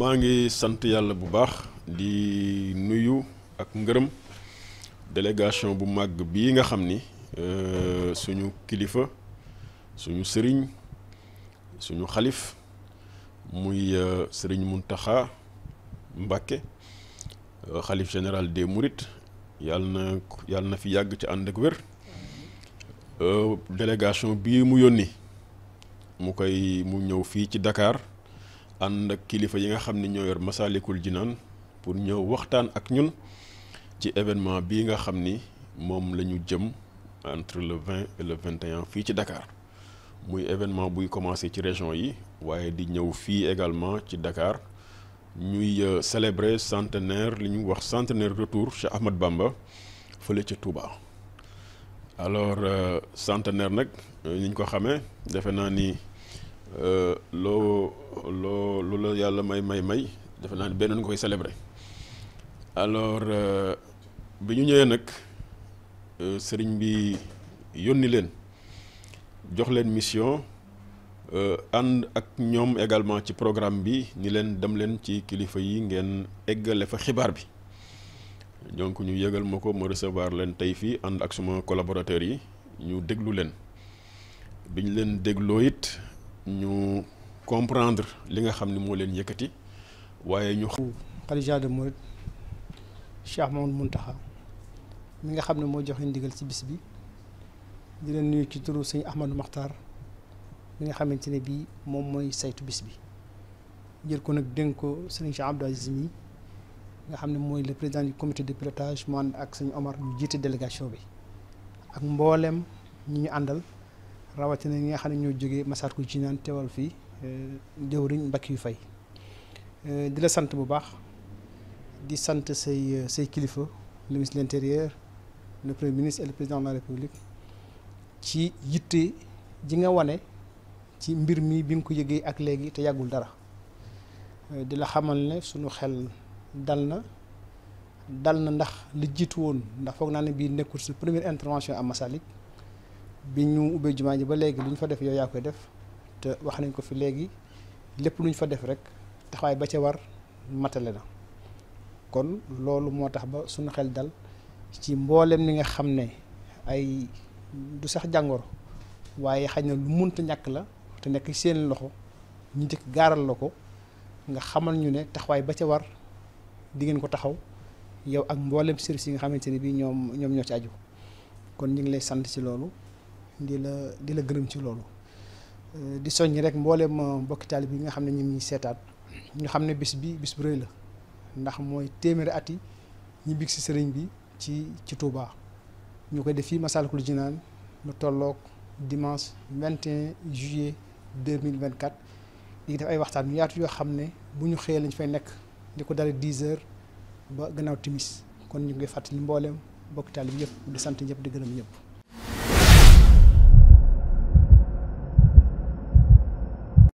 maa ngi sant yàlla bu baax di nuyu ak ngërëm délégation bu màgg bii nga xam ni euh, suñu kilifa suñu sëriñ suñu xalif muy euh, sëriñ Muntaxa Mbàkke euh, xalif général des murit yàlla na yàlla na fi yàgg ci ànd ak wér délégation bii mu yónni mu koy mu ñëw fii ci dakaar ànd ak kilifa yi nga xam ne ñoo yor Masaalikul Jinaan pour ñëw waxtaan ak ñun ci événement bi nga xam ni moom la ñu jëm entre le 20 et le fii ci dakaar muy événement buy commencé ci région yi waaye di ñëw fii également ci dakaar ñuy euh, célébrer centenaire li ñu wax centenaire retour Cheikh Ahmad Bamba fële ci Touba. alors euh, centenaire nag euh, ni ko xamee defe naa ni. Euh, loo loo lu la yàlla may may may defe naa ne benn nga koy célébrer alors euh, bi ñu ñëwee nag euh, sëriñ bi yónni leen jox leen mission ànd ak ñoom également ci programme bi ni leen dem leen ci kilifa yi ngeen eggale fa xibaar bi donc ñu yëgal ma ko ma recevoir leen tey fii ànd ak suma collaborateurs yi ñu déglu leen bi ñu leen dégloo it. ñu comprendre li nga xam ni moo leen yëkkati waaye ñu. xalifa de Mouride Cheikh Mamadou Mountakha mi nga xam ne moo joxe ndigal ci bis bi di leen nuyu ci turu sëñ Ahmadou maxtar mi nga xamante ne bii moom mooy saytu bis bi jël ko nag dénk ko sëñ Cheikh Abdou Aziz mi nga xam ne mooy le président du comité de pilotage mu ak sëñ Omar ñu jiite délégation bi ak mbooleem ñi ñu àndal. rawatina ñi nga xam ne ñoo jógee Massalikul Jinaan tewal fii eh, jëwriñ Mbackiou Faye eh, di la sant bu baax di sant say say kilifa le ministre de l'intérieur le premier ministre et le président de la république ci yitte ji nga wane ci mbir mi bi nga ko yëgee ak léegi te yàggul dara eh, di la xamal ne sunu xel dal na dal na ndax li jiitu woon ndax foog naa ne bii nekkul su première intervention am Massalik bi ñu ubbee jumaa ji ba léegi lu ñu fa def yow yaa koy def te wax nañ ko fi léegi lépp lu ñu fa def rek taxawaay ba ca war matale na kon loolu moo tax ba suñu xel dal ci mboolem ni nga xam ne ay du sax jàngoro waaye xaj na lu munta ñàkk la te nekk ci seen loxo ñu dikk gaaral la ko nga xamal ñu ne taxawaay ba ca war di ngeen ko taxaw yow ak mboolem service yi nga xamante ne bii ñoom ñoom ñoo ci aju kon ñu ngi lay sant si loolu di la di la gërëm ci loolu euh, di soññ rek mbooleem euh, mbokki taalib yi nga xam ne ñu ngi seetaat ñu xam ne bis bi bis bu rëy la ndax mooy téeméeri ati yi ñu big si sëriñ bi ci ci Touba ñu koy def fii Massalikul Jinaan lu tollook dimanche 21 juillet 2024 di def ay waxtaan yu yaatu yoo xam ne bu ñu xëyee lañ fay nekk di ko dale 10 heures ba gannaaw timis kon ñu ngi fàttali mbooleem mbokki taalib yëpp di sant ñëpp di gërëm ñëpp